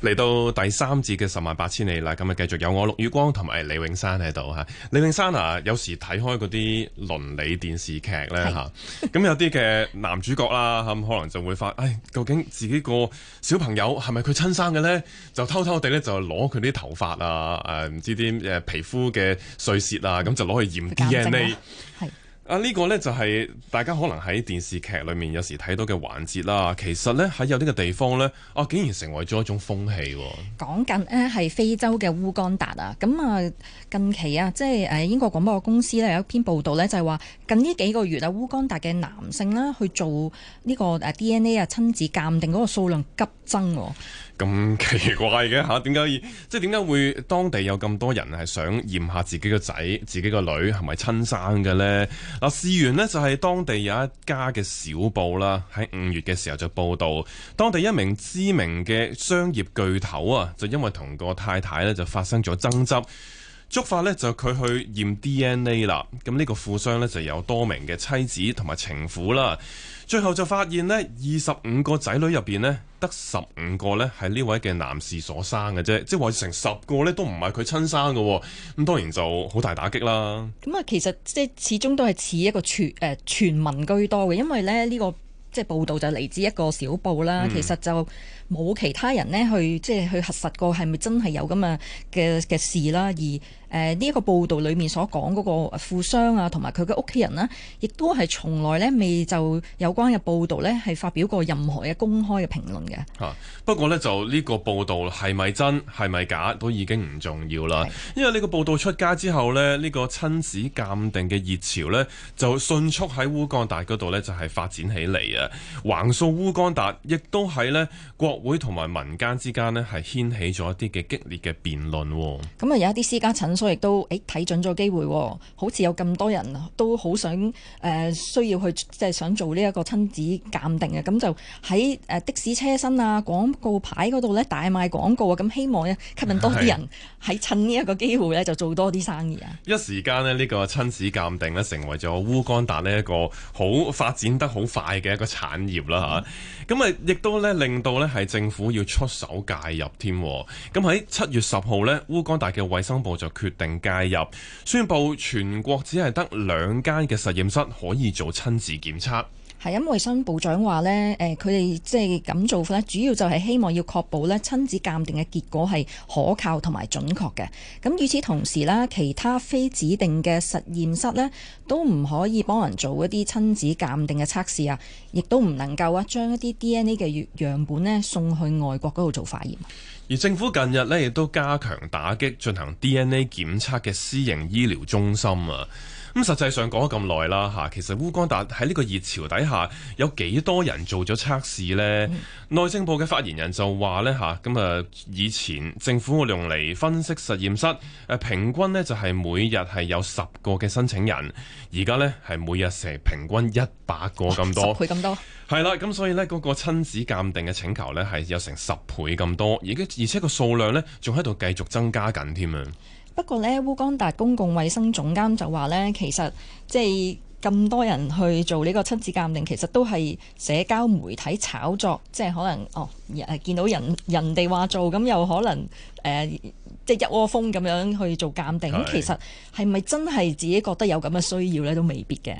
嚟到第三節嘅十萬八千里啦，咁啊繼續有我陸宇光同埋李永山喺度嚇。李永山啊，有時睇開嗰啲倫理電視劇咧嚇，咁是、 啊、有啲嘅男主角啦、啊、咁可能就會發，唉、哎，究竟自己個小朋友係咪佢親生嘅咧？就偷偷地咧就攞佢啲頭髮啊，誒、呃、唔知啲誒、呃、皮膚嘅碎屑啊，咁、嗯、就攞去驗 DNA。啊！呢、呢個呢，就係、是、大家可能喺電視劇裏面有時睇到嘅環節啦。其實呢，喺有呢個地方呢，啊竟然成為咗一種風氣，啊。講緊呢係非洲嘅烏干達啊，咁啊近期啊，即係誒英國廣播公司呢，有一篇報導呢，就係話近呢幾個月啊，烏干達嘅男性啦、啊、去做呢個誒 DNA 啊親子鑑定嗰個數量急增，啊。咁奇怪嘅吓，點解即係點解會當地有咁多人係想驗下自己個仔、自己個女係咪親生嘅呢？嗱、啊，事源呢就係當地有一家嘅小報啦，喺五月嘅時候就報道，當地一名知名嘅商業巨頭啊，就因為同個太太咧就發生咗爭執，觸發呢，就佢去驗 DNA 啦。咁呢個富商呢，就有多名嘅妻子同埋情婦啦。最後就發現咧，二十五個仔女入邊咧，得十五個咧係呢位嘅男士所生嘅啫，即係話成十個咧都唔係佢親生嘅，哦，咁當然就好大打擊啦。咁啊、嗯，其實即係始終都係似一個傳誒傳聞居多嘅，因為咧呢個即係報道就嚟自一個小報啦，其實就。冇其他人呢去即係去核實過係咪真係有咁啊嘅嘅事啦，而誒呢一個報道裏面所講嗰個富商啊，同埋佢嘅屋企人咧、啊，亦都係從來咧未就有關嘅報道咧係發表過任何嘅公開嘅評論嘅。吓、啊。不過咧就呢個報道係咪真係咪假都已經唔重要啦，是因為呢個報道出街之後咧，呢、這個親子鑑定嘅熱潮咧就迅速喺烏干達嗰度咧就係發展起嚟啊！橫掃烏干達亦都係咧國。國會同埋民間之間咧，係掀起咗一啲嘅激烈嘅辯論。咁啊，有一啲私家診所亦都，誒睇準咗機會，哦，好似有咁多人啊，都好想誒需要去即係想做呢一個親子鑑定啊。咁就喺誒的士車身啊、廣告牌嗰度咧大賣廣告啊，咁希望咧吸引多啲人喺是趁呢一個機會咧就做多啲生意啊！一時間呢，呢個親子鑑定咧成為咗烏干達呢一個好發展得好快嘅一個產業啦，吓咁、嗯、啊，亦都咧令到咧係。政府要出手介入添，咁喺七月十號呢，烏干達嘅衛生部就決定介入，宣布全國只係得兩間嘅實驗室可以做親子檢測。係，因為衛生部長話咧，誒，佢哋即係咁做法咧，主要就係希望要確保咧親子鑑定嘅結果係可靠同埋準確嘅。咁與此同時咧，其他非指定嘅實驗室呢，都唔可以幫人做一啲親子鑑定嘅測試啊，亦都唔能夠啊，將一啲 DNA 嘅樣本咧送去外國嗰度做化驗。而政府近日呢，亦都加強打擊進行 DNA 檢測嘅私營醫療中心啊。咁實際上講咗咁耐啦嚇，其實烏干達喺呢個熱潮底下有幾多人做咗測試呢？內、嗯、政部嘅發言人就話呢：「嚇，咁啊以前政府會用嚟分析實驗室，誒平均呢就係每日係有十個嘅申請人，而家呢係每日成平均一百個咁多，十倍咁多。係啦，咁所以呢，嗰個親子鑑定嘅請求呢係有成十倍咁多，而而且個數量呢仲喺度繼續增加緊添啊！不過咧，烏干達公共衛生總監就話咧，其實即係咁多人去做呢個親子鑑定，其實都係社交媒體炒作，即係可能哦，誒見到人人哋話做咁，又可能誒。呃即一窩蜂咁樣去做鑑定，是其實係咪真係自己覺得有咁嘅需要咧，都未必嘅。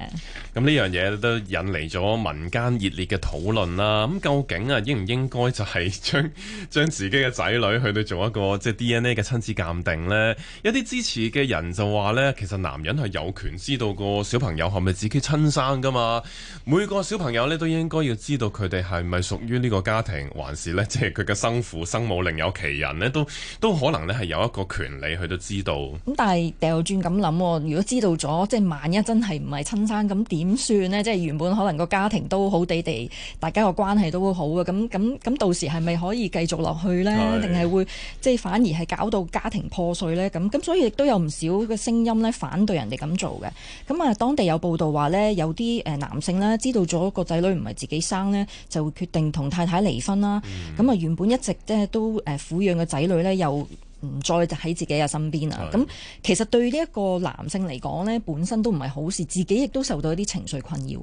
咁呢樣嘢都引嚟咗民間熱烈嘅討論啦。咁、嗯、究竟啊，應唔應該就係將將自己嘅仔女去到做一個即 DNA 嘅親子鑑定呢？一啲支持嘅人就話呢，其實男人係有權知道個小朋友係咪自己親生噶嘛。每個小朋友呢，都應該要知道佢哋係咪屬於呢個家庭，還是呢？即佢嘅生父生母另有其人呢，都都可能咧係有。一個權利，佢都知道。咁但係掉轉咁諗，如果知道咗，即係萬一真係唔係親生，咁點算呢？即係原本可能個家庭都好地地，大家個關係都會好嘅。咁咁咁，到時係咪可以繼續落去呢？定係是會即係反而係搞到家庭破碎呢？咁咁，所以亦都有唔少嘅聲音咧，反對人哋咁做嘅。咁啊，當地有報道話呢，有啲誒男性咧，知道咗個仔女唔係自己生呢，就決定同太太離婚啦。咁啊、嗯，原本一直咧都誒撫養嘅仔女呢，又。唔再喺自己嘅身邊啊！咁的其實對呢一個男性嚟講呢，本身都唔係好事，自己亦都受到一啲情緒困擾，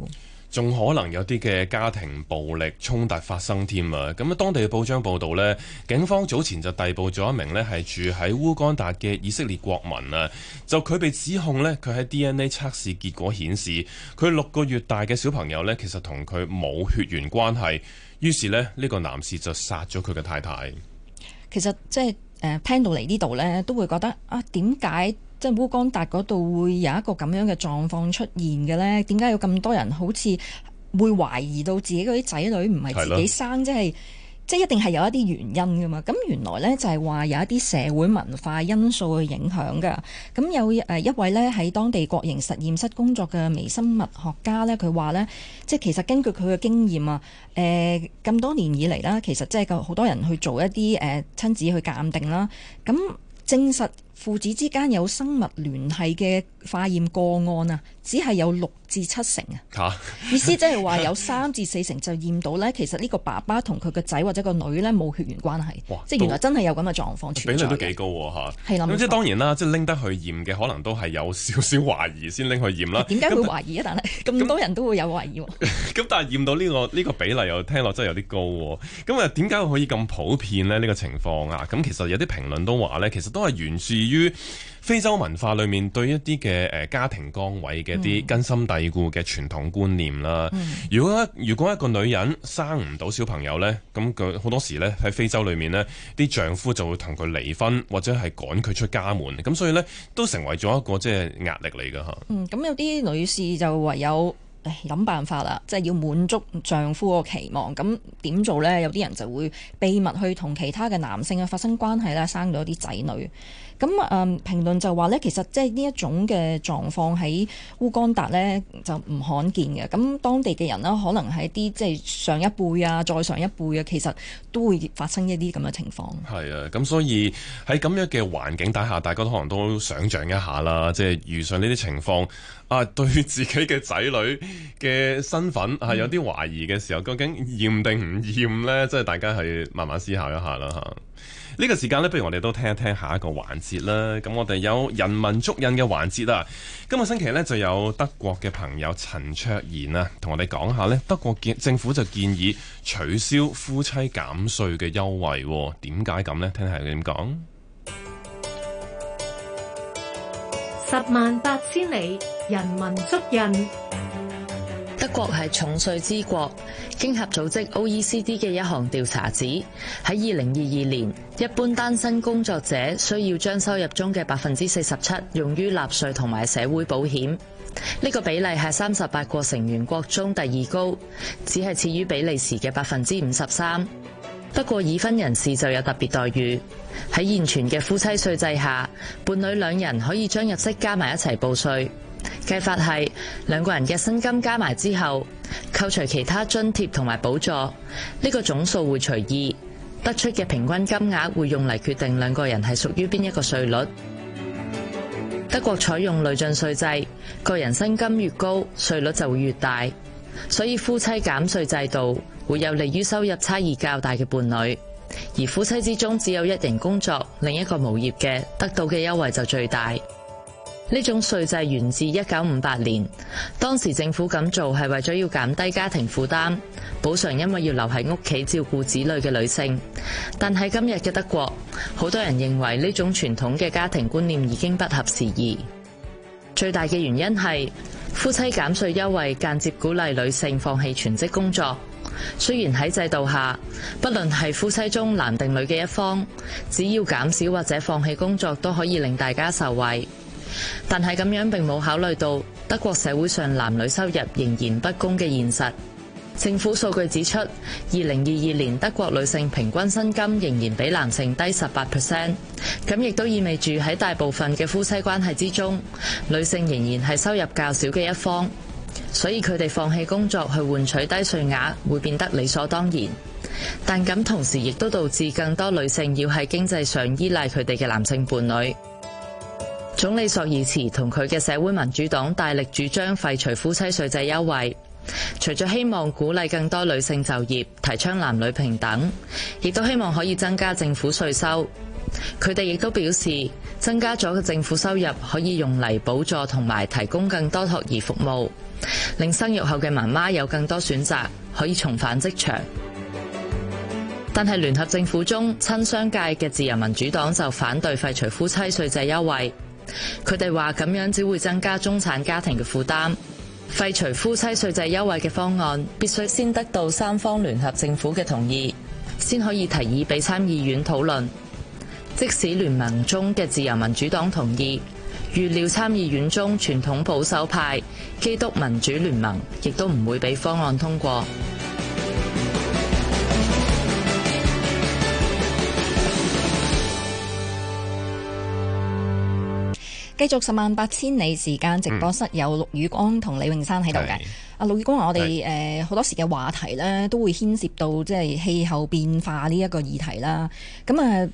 仲可能有啲嘅家庭暴力衝突發生添啊！咁啊，當地嘅報章報道呢，警方早前就逮捕咗一名咧，係住喺烏干達嘅以色列國民啊。就佢被指控呢，佢喺 DNA 測試結果顯示，佢六個月大嘅小朋友呢，其實同佢冇血緣關係，於是呢，呢個男士就殺咗佢嘅太太。其實即係。誒、呃、聽到嚟呢度呢，都會覺得啊，點解即係烏干達嗰度會有一個咁樣嘅狀況出現嘅呢？點解有咁多人好似會懷疑到自己嗰啲仔女唔係自己生，的即係？即係一定係有一啲原因噶嘛，咁原來咧就係、是、話有一啲社會文化因素去影響噶，咁有誒一位咧喺當地國營實驗室工作嘅微生物學家咧，佢話咧，即係其實根據佢嘅經驗啊，誒、呃、咁多年以嚟啦，其實即係有好多人去做一啲誒親子去鑑定啦，咁證實父子之間有生物聯繫嘅化驗個案啊，只係有六至七成啊。嚇！意思即係話有三至四成就驗到咧。其實呢個爸爸同佢個仔或者個女咧冇血緣關係。哇！即係原來真係有咁嘅狀況出現。比例都幾高嚇啊。係啦。咁即係當然啦，即係拎得去驗嘅可能都係有少少懷疑先拎去驗啦。點解會懷疑啊？咁但係咁多人都會有懷疑。咁但係驗到呢個呢個比例又聽落真係有啲高。咁啊，點解可以咁普遍咧？呢個情況啊，咁其實有啲評論都話咧，其實都係源於。於非洲文化裏面，對一啲嘅誒家庭崗位嘅一啲根深蒂固嘅傳統觀念啦。嗯，如果如果一個女人生唔到小朋友呢，咁佢好多時呢喺非洲裏面呢，啲丈夫就會同佢離婚或者係趕佢出家門。咁所以呢，都成為咗一個即係壓力嚟噶吓。嗯，咁有啲女士就唯有諗辦法啦，即係要滿足丈夫個期望。咁點做呢？有啲人就會秘密去同其他嘅男性啊發生關係啦，生咗啲仔女。咁誒評論就話呢，其實即係呢一種嘅狀況喺烏干達呢就唔罕見嘅。咁當地嘅人啦，可能喺啲即係上一輩啊、再上一輩啊，其實都會發生一啲咁嘅情況。係啊，咁所以喺咁樣嘅環境底下，大家都可能都想象一下啦，即係遇上呢啲情況。啊，對自己嘅仔女嘅身份係有啲懷疑嘅時候，究竟驗定唔驗呢？即係大家係慢慢思考一下啦嚇。呢、呢個時間呢，不如我哋都聽一聽下一個環節啦。咁我哋有人文足印嘅環節啦。今個星期呢，就有德國嘅朋友陳卓妍啊，同我哋講下呢。德國建政府就建議取消夫妻減稅嘅優惠，啊，點解咁呢？聽下佢點講。十萬八千里，人文足印。德國係重稅之國，經合組織 （OECD） 嘅一項調查指，喺二零二二年，一般單身工作者需要將收入中嘅百分之四十七用於納稅同埋社會保險。呢個比例係三十八個成員國中第二高，只係次於比利時嘅百分之五十三。不過已婚人士就有特別待遇，喺現存嘅夫妻稅制下，伴侶兩人可以將入息加埋一齊報稅。計法係兩個人嘅薪金加埋之後，扣除其他津貼同埋補助，呢個總數會除二，得出嘅平均金額會用嚟決定兩個人係屬於邊一個稅率。德國採用累進稅制，個人薪金越高，稅率就會越大，所以夫妻減稅制度，會有利於收入差異較大嘅伴侶，而夫妻之中只有一人工作，另一個無業嘅，得到嘅優惠就最大。呢種稅制源自一九五八年，當時政府咁做係為咗要減低家庭負擔，補償因為要留喺屋企照顧子女嘅女性。但喺今日嘅德國，好多人認為呢種傳統嘅家庭觀念已經不合時宜。最大嘅原因係夫妻減稅優惠間接鼓勵女性放棄全職工作。雖然喺制度下，不論係夫妻中男定女嘅一方，只要減少或者放棄工作都可以令大家受惠，但係咁樣並冇考慮到德國社會上男女收入仍然不公嘅現實。政府數據指出，二零二二年德國女性平均薪金仍然比男性低十八%，咁亦都意味住喺大部分嘅夫妻關係之中，女性仍然係收入較少嘅一方。所以佢哋放棄工作去換取低稅額會變得理所當然，但咁同時亦都導致更多女性要喺經濟上依賴佢哋嘅男性伴侶。總理索爾茨同佢嘅社會民主黨大力主張廢除夫妻稅制優惠，除咗希望鼓勵更多女性就業，提倡男女平等，亦都希望可以增加政府稅收。佢哋亦都表示，增加咗嘅政府收入可以用嚟補助同埋提供更多托兒服務。令生育後嘅媽媽有更多選擇，可以重返職場。但係聯合政府中親商界嘅自由民主黨就反對廢除夫妻稅制優惠，佢哋話咁樣只會增加中產家庭嘅負擔。廢除夫妻稅制優惠嘅方案必須先得到三方聯合政府嘅同意，先可以提議俾參議院討論。即使聯盟中嘅自由民主黨同意。預料參議院中傳統保守派基督民主聯盟亦都唔會俾方案通過。繼、嗯、續十萬八千里時間，直播室有陸宇光同李永山喺度嘅。阿陸宇光話：我哋誒好多時嘅話題咧，都會牽涉到即係氣候變化呢一個議題啦。咁啊～、呃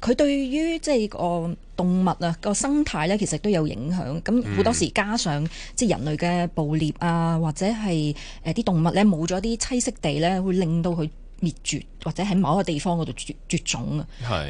佢對於即係個動物啊個生態咧，其實都有影響。咁好多時加上、嗯、即係人類嘅捕獵啊，或者係誒啲動物咧冇咗啲棲息地咧，會令到佢滅絕或者喺某一個地方嗰度絕絕種啊！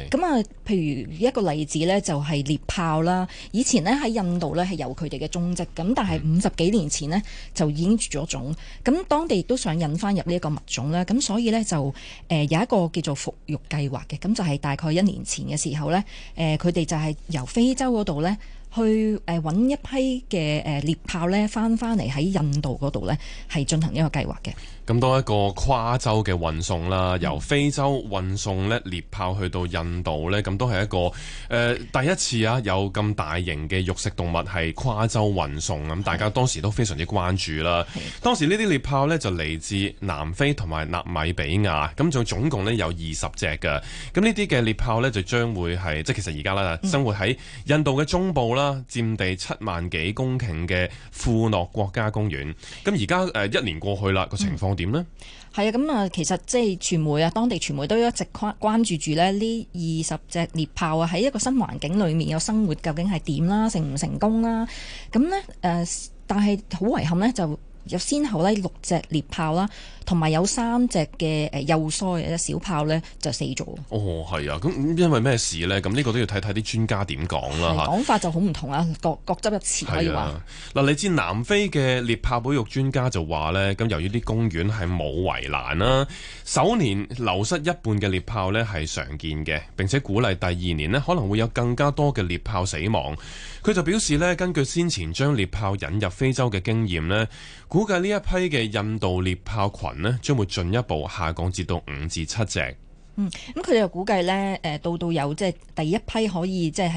咁啊是，譬如一個例子咧，就係、是、獵豹啦。以前咧喺印度咧係由佢哋嘅種植，咁但係五十幾年前咧就已經絕咗種。咁當地亦都想引翻入呢一個物種啦。咁所以咧就誒、呃、有一個叫做復育計劃嘅，咁就係大概一年前嘅時候咧，誒佢哋就係由非洲嗰度咧。去誒揾一批嘅誒獵豹咧，翻翻嚟喺印度度咧，係進行一個計劃嘅。咁多、嗯、一個跨洲嘅運送啦，由非洲運送咧獵豹去到印度咧，咁、嗯、都係一個誒、呃、第一次啊！有咁大型嘅肉食動物係跨洲運送，咁、嗯、大家當時都非常之關注啦。的當時呢啲獵豹咧就嚟自南非同埋納米比亞，咁、嗯、就、嗯、總共咧有二十隻嘅。咁呢啲嘅獵豹咧就將會係即係其實而家啦，生活喺印度嘅中部啦。嗯佔地七萬幾公頃嘅富諾國家公園，咁而家誒一年過去啦，個情況點呢？係啊、嗯，咁啊，其實即係傳媒啊，當地傳媒都一直關關注住咧呢二十隻獵豹啊，喺一個新環境裡面有生活，究竟係點啦？成唔成功啦？咁呢，誒、呃，但係好遺憾呢，就有先後呢六隻獵豹啦。同埋有三隻嘅誒幼鰓嘅小豹呢，就死、是、咗。哦，係啊，咁因為咩事呢？咁呢個都要睇睇啲專家點講啦。講、啊、法就好唔同啦、啊，各各執一詞可以話。嗱、啊啊，你知南非嘅獵豹保育專家就話呢，咁由於啲公園係冇圍欄啦，首年流失一半嘅獵豹呢係常見嘅，並且鼓勵第二年呢可能會有更加多嘅獵豹死亡。佢就表示呢，根據先前將獵豹引入非洲嘅經驗呢，估計呢一批嘅印度獵豹群，咧將會進一步下降至到五至七隻。嗯，咁佢哋估計咧，誒、呃、到到有即係第一批可以即係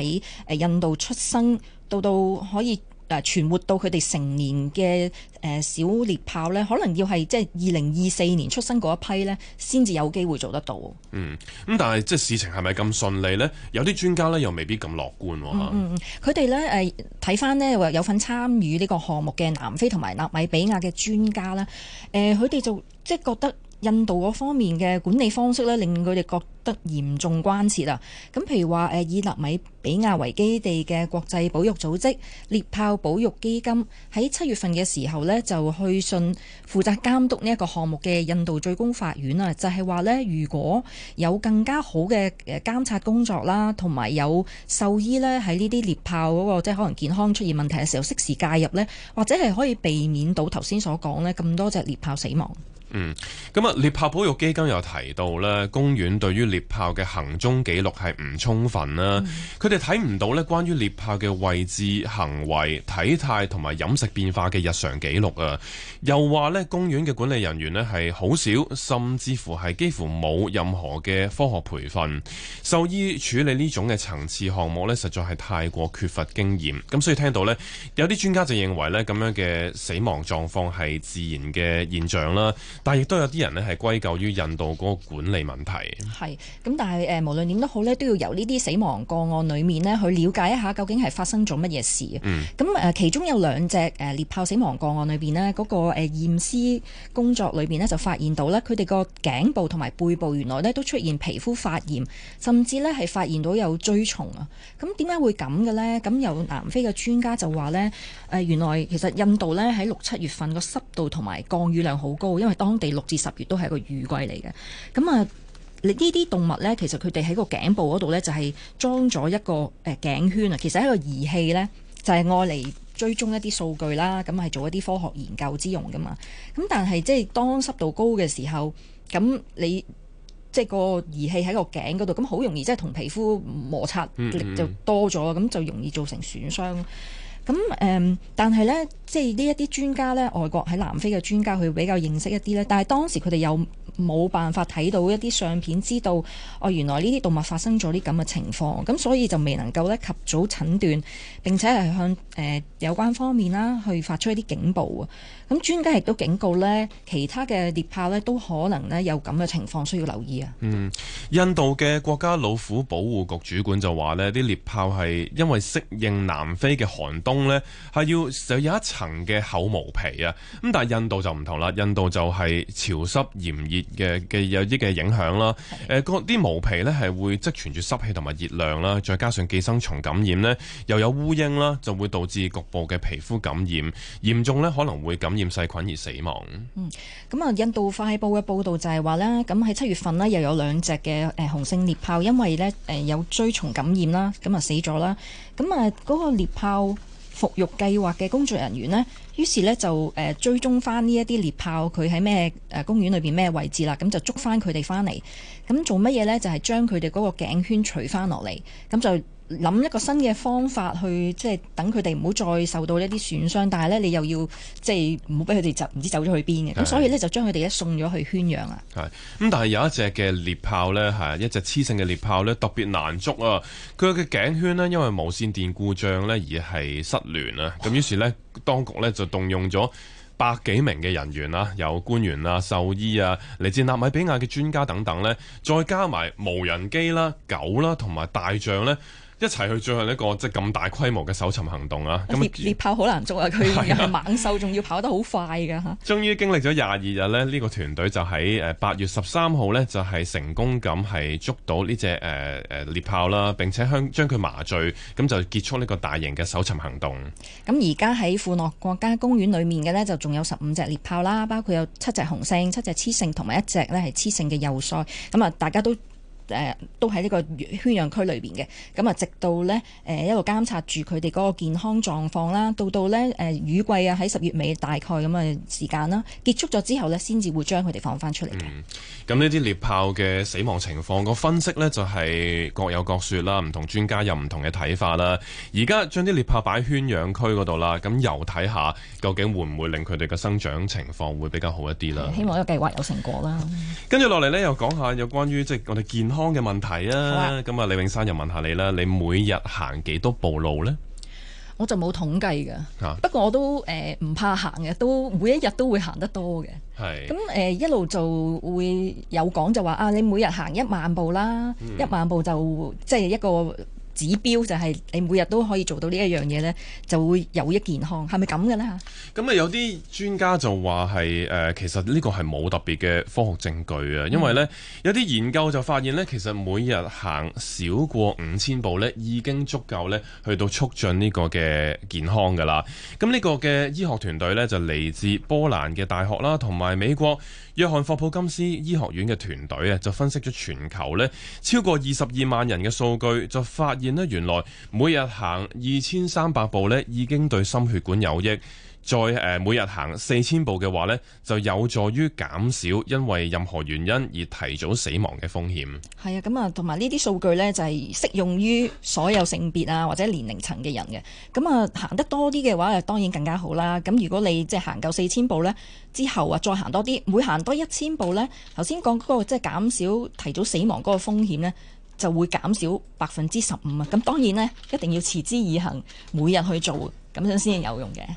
喺印度出生，到到可以。誒、呃、存活到佢哋成年嘅誒、呃、小獵豹咧，可能要係即係二零二四年出生嗰一批咧，先至有機會做得到。嗯，咁但係即係事情係咪咁順利咧？有啲專家咧又未必咁樂觀嚇、啊嗯。嗯嗯，佢哋咧誒睇翻咧，有份參與呢個項目嘅南非同埋納米比亞嘅專家啦，誒佢哋就即係覺得。印度嗰方面嘅管理方式咧，令佢哋覺得嚴重關切啊。咁，譬如話誒以納米比亞為基地嘅國際保育組織獵豹保育基金喺七月份嘅時候咧，就去信負責監督呢一個項目嘅印度最高法院啊，就係話咧，如果有更加好嘅誒監察工作啦，同埋有獸醫咧喺呢啲獵豹嗰個即係可能健康出現問題嘅時候，適時介入咧，或者係可以避免到頭先所講咧咁多隻獵豹死亡。嗯，咁啊，獵豹保育基金又提到咧，公園對於獵豹嘅行蹤記錄係唔充分啦，佢哋睇唔到咧關於獵豹嘅位置、行為、體態同埋飲食變化嘅日常記錄啊，又話咧公園嘅管理人員咧係好少，甚至乎係幾乎冇任何嘅科學培訓，獸醫處理呢種嘅層次項目咧，實在係太過缺乏經驗。咁所以聽到咧，有啲專家就認為咧，咁樣嘅死亡狀況係自然嘅現象啦。但亦都有啲人咧係歸咎於印度嗰個管理問題。係，咁但係誒，無論點都好咧，都要由呢啲死亡個案裏面呢去了解一下究竟係發生咗乜嘢事。嗯。咁誒，其中有兩隻誒獵豹死亡個案裏邊呢，嗰個誒驗屍工作裏邊呢，就發現到呢佢哋個頸部同埋背部原來呢都出現皮膚發炎，甚至呢係發現到有蛆蟲啊。咁點解會咁嘅呢？咁有南非嘅專家就話呢，誒原來其實印度呢喺六七月份個濕度同埋降雨量好高，因為當當地六至十月都係一個雨季嚟嘅，咁啊，你呢啲動物咧，其實佢哋喺個頸部嗰度咧，就係裝咗一個誒頸圈啊，其實係個儀器咧，就係愛嚟追蹤一啲數據啦，咁係做一啲科學研究之用噶嘛。咁但係即係當濕度高嘅時候，咁你即係個儀器喺個頸嗰度，咁好容易即係同皮膚摩擦力就多咗，咁、嗯嗯、就容易造成損傷。咁誒、嗯，但係咧，即係呢一啲專家咧，外國喺南非嘅專家，佢比較認識一啲咧。但係當時佢哋又冇辦法睇到一啲相片，知道哦，原來呢啲動物發生咗啲咁嘅情況，咁、嗯、所以就未能夠咧及早診斷，並且係向誒、呃、有關方面啦，去發出一啲警報啊。咁、嗯、專家亦都警告咧，其他嘅獵豹咧都可能咧有咁嘅情況需要留意啊。嗯，印度嘅國家老虎保護局主管就話咧，啲獵豹係因為適應南非嘅寒冬。咧係要就有一層嘅厚毛皮啊，咁但係印度就唔同啦。印度就係潮濕炎熱嘅嘅有益嘅影響啦。誒、嗯、啲、呃、毛皮咧係會積存住濕氣同埋熱量啦，再加上寄生蟲感染呢，又有烏蠅啦，就會導致局部嘅皮膚感染，嚴重呢可能會感染細菌而死亡。嗯、咁、嗯、啊、嗯，印度快報嘅報道就係話咧，咁喺七月份呢、啊，又有兩隻嘅誒雄性獵豹因為呢誒有追蟲感染啦，咁、呃、啊死咗啦。咁啊嗰個獵豹、呃。復育計劃嘅工作人員呢，於是呢就誒追蹤翻呢一啲獵豹，佢喺咩誒公園裏邊咩位置啦，咁就捉翻佢哋翻嚟，咁做乜嘢呢？就係將佢哋嗰個頸圈除翻落嚟，咁就。諗一個新嘅方法去即係等佢哋唔好再受到一啲損傷，但係呢，你又要即係唔好俾佢哋走，唔知走咗去邊嘅。咁是是 所以呢，就將佢哋一送咗去圈養啊。係咁，但係有一隻嘅獵豹呢，係一隻雌性嘅獵豹呢，特別難捉啊。佢嘅頸圈呢，因為無線電故障呢，而係失聯啊。咁哇於是呢，當局呢，就動用咗百幾名嘅人員啊，有官員啊、獸醫啊、嚟自納米比亞嘅專家等等呢，再加埋無人機啦、啊、狗啦同埋大象呢。一齊去進行一個即係咁大規模嘅搜尋行動啊！咁獵豹好難捉啊，佢猛獸仲要跑得好快㗎。終於經歷咗廿二日呢，呢個團隊就喺誒八月十三號呢，就係成功咁係捉到呢隻誒誒獵豹啦，並且將將佢麻醉，咁就結束呢個大型嘅搜尋行動。咁而家喺富諾國家公園裏面嘅呢，就仲有十五隻獵豹啦，包括有七隻雄性、七隻雌性，同埋一隻呢係雌性嘅幼崽。咁啊，大家都，誒、呃、都喺呢個圈養區裏邊嘅，咁啊直到呢誒、呃、一路監察住佢哋嗰個健康狀況啦，到到呢誒、呃、雨季啊喺十月尾大概咁嘅時間啦，結束咗之後呢，先至會將佢哋放翻出嚟嘅。咁呢啲獵豹嘅死亡情況個分析呢，就係、是、各有各說啦，唔同專家有唔同嘅睇法啦。而家將啲獵豹擺圈養區嗰度啦，咁又睇下究竟會唔會令佢哋嘅生長情況會比較好一啲啦。希望個計劃有成果啦。跟住落嚟呢，又講下有關於即係我哋健康方嘅問題啊，咁啊，李永山又問下你啦，你每日行幾多步路呢？我就冇統計㗎，嚇。不過我都誒唔怕行嘅，都每一日都會行得多嘅。係咁誒，一路就會有講就話啊，你每日行一萬步啦，一萬步就即係一個。指標就係你每日都可以做到呢一樣嘢呢，就會有益健康，係咪咁嘅呢？咁啊，有啲專家就話係誒，其實呢個係冇特別嘅科學證據啊，因為呢，有啲研究就發現呢，其實每日行少過五千步呢，已經足夠呢去到促進呢個嘅健康㗎喇。咁呢個嘅醫學團隊呢，就嚟自波蘭嘅大學啦，同埋美國。約翰霍普金斯醫學院嘅團隊啊，就分析咗全球咧超過二十二萬人嘅數據，就發現咧原來每日行二千三百步咧已經對心血管有益。再誒每日行四千步嘅話呢，就有助於減少因為任何原因而提早死亡嘅風險。係啊，咁啊，同埋呢啲數據呢，就係適用於所有性別啊或者年齡層嘅人嘅。咁啊，行得多啲嘅話，當然更加好啦。咁如果你即係行夠四千步呢，之後啊再行多啲，每行多一千步呢，頭先講嗰個即係減少提早死亡嗰個風險呢，就會減少百分之十五啊。咁當然呢，一定要持之以恒，每日去做咁樣先有用嘅。